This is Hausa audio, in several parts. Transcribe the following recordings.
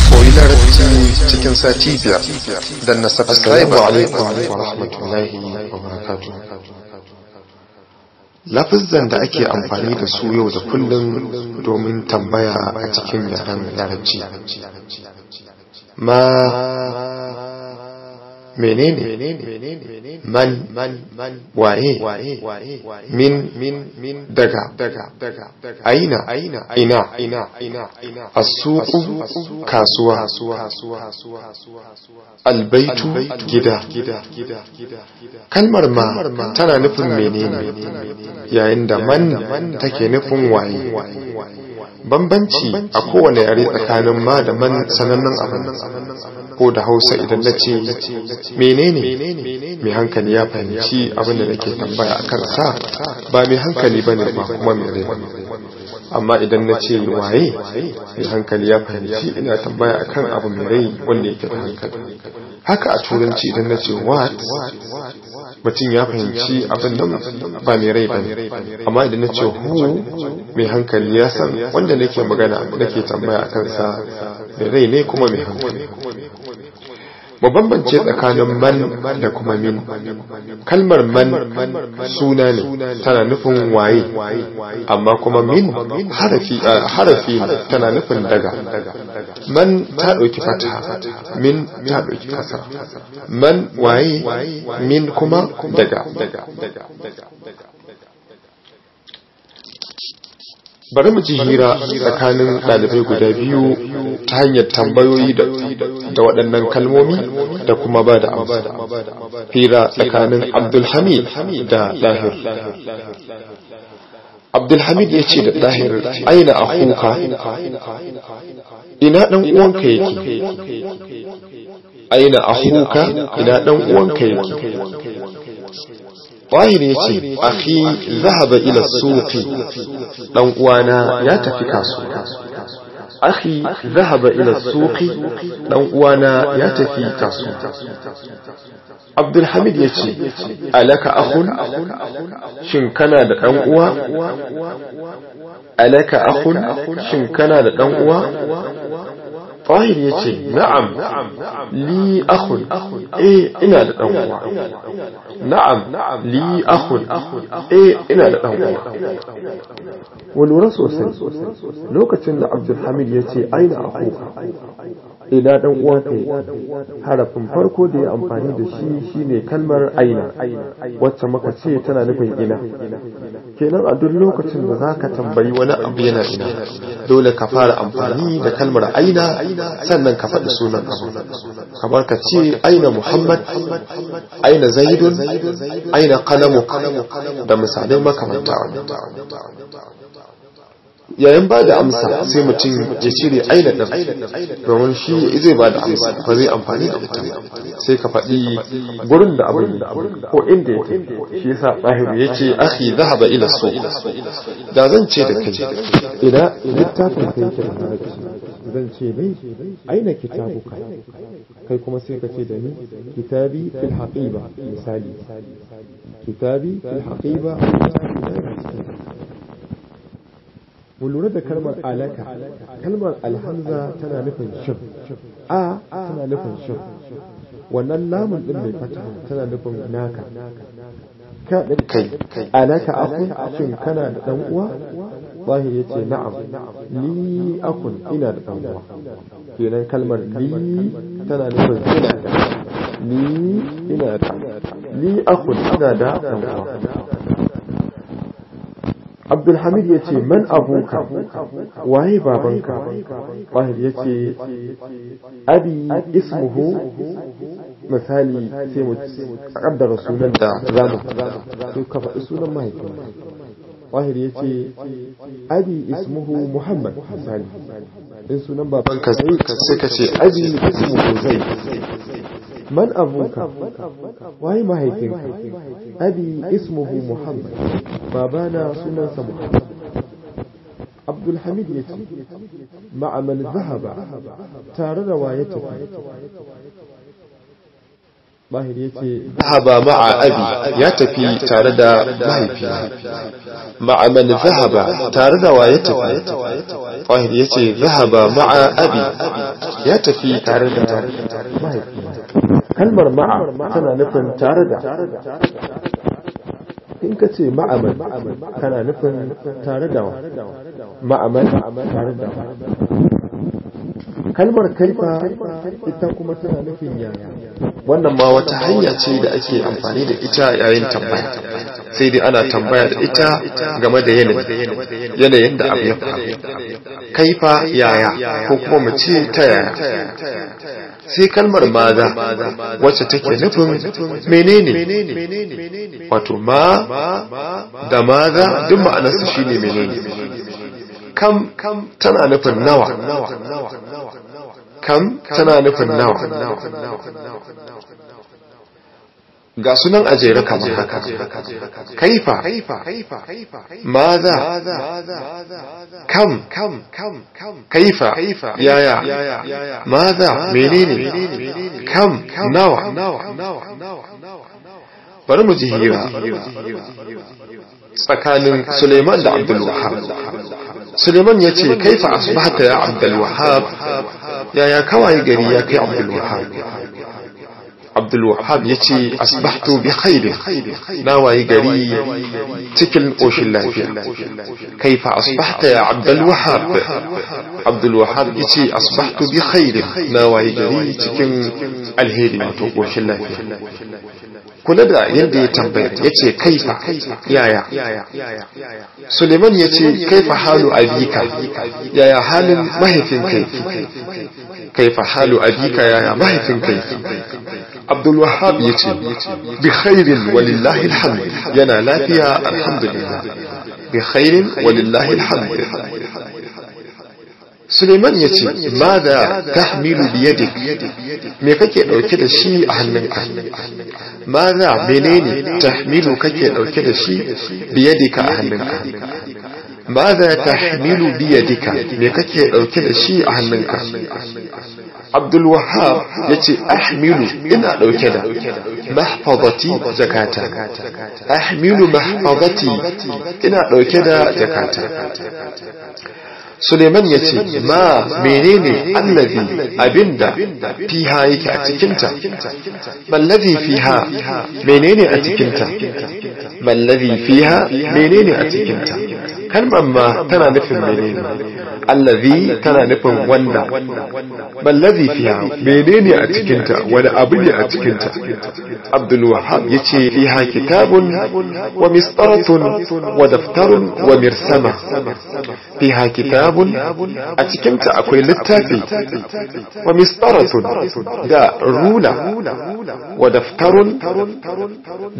spoiler larabci cikin sati biyar don na subscribe alaikum wa rahmatullahi wa barakatu lafizan da ake amfani da su yau da kullum domin tambaya a cikin yaren yaranci ma menene man waye min daga aina aina asuku kasuwa albaitu gida kalmar ma tana nufin menene yayin da man take nufin waye bambanci a kowane yare tsakanin ma da man sanannen abin ko da hausa idan na ce menene mai hankali ya fahimci abin da nake tambaya a kansa ba mai hankali ba ne ba kuma mai rai amma idan na ce waye mai hankali ya fahimci ina tambaya akan abu mai rai wanda yake da hankali haka a turanci idan na ce what mutum ya fahimci abin nan ba mai rai ba amma idan na ce who mai hankali ya san wanda nake magana nake tambaya akan sa mai rai ne kuma mai hankali wa bambance tsakanin man da kuma min kalmar man suna ne tana nufin waye amma kuma min harafi ne tana nufin daga man ta ɗauki fata min ta ɗauki fata man waye min kuma daga bari mu ji hira tsakanin ɗalibai guda biyu ta hanyar tambayoyi da waɗannan kalmomi da kuma ba da amsa hira tsakanin abdulhamid da lahir abdulhamid ya ce da ɗahir aina a huka ina ɗan uwanka yake aina a huka ina ɗan uwanka yake طاهر يتي أخي ذهب إلى السوق لنقوانا يا تفكاسو أخي ذهب إلى السوق لنقوانا يا تفكاسو عبد الحميد يتي ألك أخ شن كان لنقوا ألك أخ شن كان لنقوا طاهر يتي نعم لي أخ إيه إنا لأنه نعم لي أخ إيه إنا لأنه والورس وسن لوكة عبد الحميد يتي أين أخوك ila dan uwanka harafin farko da ya amfani da shi shine kalmar aina wacce muka ce tana nufin ina kenan a duk lokacin da zaka tambayi wani abu yana ina dole ka fara amfani da kalmar aina sannan ka faɗi sunan abu kamar ka ce aina muhammad aina zaidun aina qalamuk da misalai makamanta yayin ba da amsa sai mutum ya cire aina ɗin domin shi zai ba da amsa ba zai amfani da mutum, sai ka faɗi gurin da abin ko inda ya ke shi yasa ɗahiru ya ce ahi zahaba ila so da zan ce da kai ina littafin kai ke da zan ce ni aina kitabu kai kai kuma sai ka ce da ni kitabi fil haqiba misali kitabi fil haqiba misali mu lura da kalmar alaka kalmar alhamza tana nufin shin a tana nufin shin wannan lamun din mai fata tana nufin naka ka din kai alaka akun shin kana da dan uwa zahiri yace na'am ni akun ina da dan uwa kenan kalmar li tana nufin ina da ni ina da Ni akun ina da dan uwa Abdulhamid ya ce man abuka waye babanka Wahid ya ce abi ismuhu misali sai mu kaddara sunan da zamu sai ka sunan mahaifin Wahir ya ce abi ismuhu Muhammad misali in sunan babanka sai ka ce abi ismuhu zai man abuka waye mahaifinka abi ismuhu muhammad babana sunansa muhammad abdulhamid ya ce ma'amal zahaba tare da waye tafi ya ce zahaba ma'a abi ya tafi tare da mahaifi ma'amal zahaba tare da waye tafi bahir ya ce abi ya tafi tare da kalmar ma'a tana nufin tare da in ka ce ma'aman tana nufin tare da ma'aman tare da kalmar kaifa ita kuma tana nufin yaya wannan ma wata hanya ce da ake amfani da ita yayin tambaya sai dai ana tambaya da ita game da yanayin yanayin da abu ya faru kaifa yaya ko kuma mu ce ta yaya sai kalmar maza wacce take nufin menene wato ma da maza duk ma'anarsa shine menene kam tana nufin nawa kam tana nufin nawa ga sunan a jere kamar haka kaifa maza kam kaifa yaya maza menene kam nawa bari mu ji hira tsakanin suleiman da abdulwahab suleiman ya ce kaifa asbahta ya abdulwahab yaya kawai gari ya kai abdulwahab عبد الوهاب يتي أصبحت بخير نواي قري تكل أوش الله فيها كيف أصبحت يا عبد الوهاب عبد الوهاب يتي أصبحت بخير نواي قري تكل الهير ما توقوش الله فيها kula da yadda ya tambaya ya ce kaifa yaya suleiman ya ce kaifa halu abika yaya halin mahaifin kai kaifa halu abika yaya mahaifin kai Abdulwahab ya ce bi khairin walillahi alhamd yana lafiya alhamdulillah bi khairin walillahi alhamd Suleiman ya ce, "Ma da tahmilu biyadik, me kake ɗauke da shi a hannunka? Ma da menene tahmilu kake ɗauke da shi biyadika a hannunka? Ma da tahmilu biyadika, me kake ɗauke da shi a hannunka?" Abdul Wahab ya ce, "Ahmilu ina ɗauke da mahfazati zakata, ahmilu mahfazati ina ɗauke da zakata." Suleiman ya ce, Ma menene allazi abinda fiha yake a cikinta, mallazi fiha menene a cikinta, mallazi fiha menene a cikinta. kalmar ma tana nufin menene allazi tana nufin wanda ballazi fiha menene a cikin ta wani abu ne a cikin ta abdul wahab yace fiha kitabun wa misqaratun wa daftarun wa mirsama fiha kitabun a cikin ta akwai littafi wa misqaratun da rula wa daftarun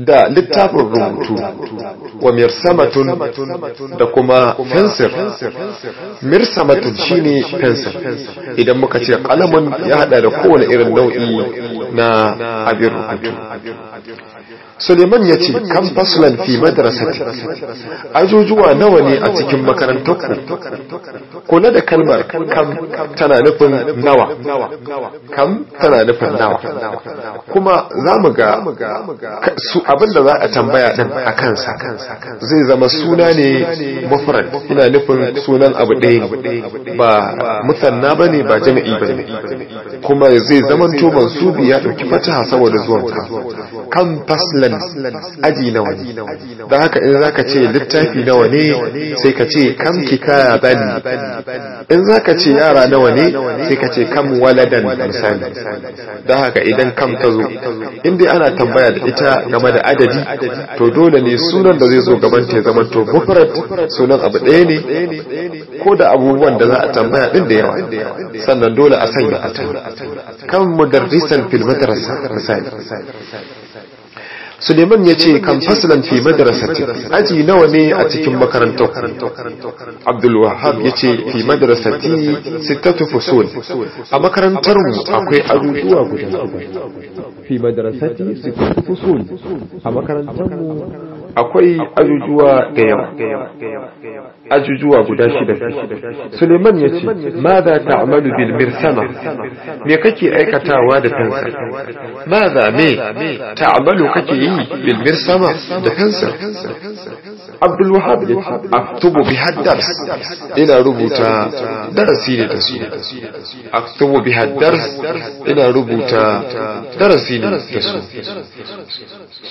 da littafin rubutu wa mirsamatun da kuma kuma fensir shi ne fensir idan muka ce kalamun ya hada da kowane irin nau'i na abin rubutu Suleiman ya ce kan faslan fi madrasati ajujuwa nawa ne a cikin makarantar ku kula da kalmar kam tana nufin nawa kam tana nufin nawa kuma za mu ga su abinda za a tambaya din a kansa zai zama suna ne mufrad ina nufin sunan abu ɗaya ne ba musanna ne ba jami'i ne, kuma zai zama tuban su biya ɗauki fata saboda zuwan ka kan faslan aji nawa ne don haka in zaka ce littafi nawa ne sai ka ce kam kikaya bani in zaka ce yara nawa ne sai ka ce kam waladan misali don haka idan kam ta zo in dai ana tambaya da ita game da adadi to dole ne sunan da zai zo gaban ta zama to mufrad sunan abu ɗaya ne ko da abubuwan da za a tambaya din da yawa sannan dole a sanya a kan mudarrisan fil madrasa misali Suleiman ya ce kan fasilan fi madrasati aji nawa ne a cikin makarantar Abdul Wahab ya ce fi madrasati sittatu fusul a makarantar mu akwai arutuwa guda fi madrasati sittatu fusul a makarantar mu akwai ajujuwa da yawa ajujuwa guda shida Suleiman ya ce ma za ta amalu bil mirsama me kake aikatawa da fensa ma za me ta amalu kake yi bil mirsama da fensa Abdul Wahab ya ce aktubu bi haddars ina rubuta darasi ne da su aktubu bi haddars ina rubuta darasi ne da su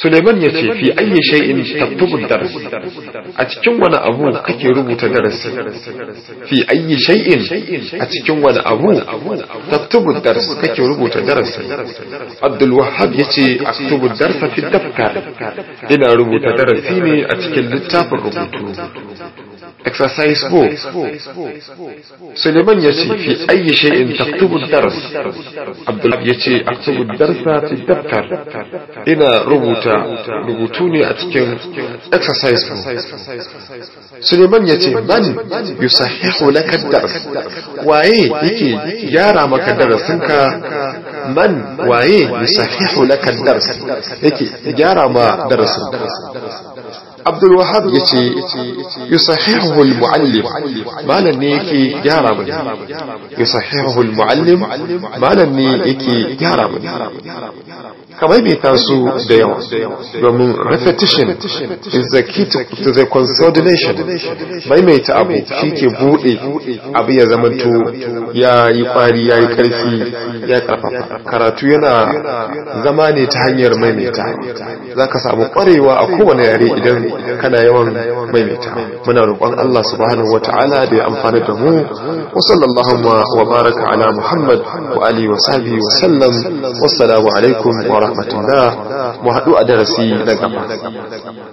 Suleiman ya ce fi ayyi shay'in taktubu darasi a cikin wani abu kake rubuta darasi fi ayyi shay'in a cikin wani abu taktubu darasi kake rubuta darasi Abdul Wahhab yace aktubu darsa fi daftar ina rubuta darasi ne a cikin littafin rubutu اكسرسايز بو سليمان يسي في أي شيء تكتب الدرس عبد الله يسي أكتب الدرس في الدفتر إنا روبوتا روبوتوني اتكن اكسرسايز بو سليمان يسي من يصحح لك الدرس وإيه يكي يارا مك درسنك man waye yusahihu laka dars yake gyara ma darasin Abdul Wahab yace yusahihu al-muallim malan ne yake gyara mu yusahihu al-muallim malan ne yake gyara mu ka maimaita su da yawa domin repetition is the key to the consolidation maimaita abu shi ke buɗe abu ya zamanto ya yi ƙwari ya yi ƙarfi ya ƙarfafa karatu yana zama ne ta hanyar maimaita za ka samu ƙwarewa a kowane yare idan kana yawan maimaita muna roƙon Allah subhanahu ta'ala da ya amfana da mu wa wa baraka ala muhammad wa alihi wa sahbihi wa sallam wassalamu alaikum wa rahmatullah. Muhadu adalah si negara.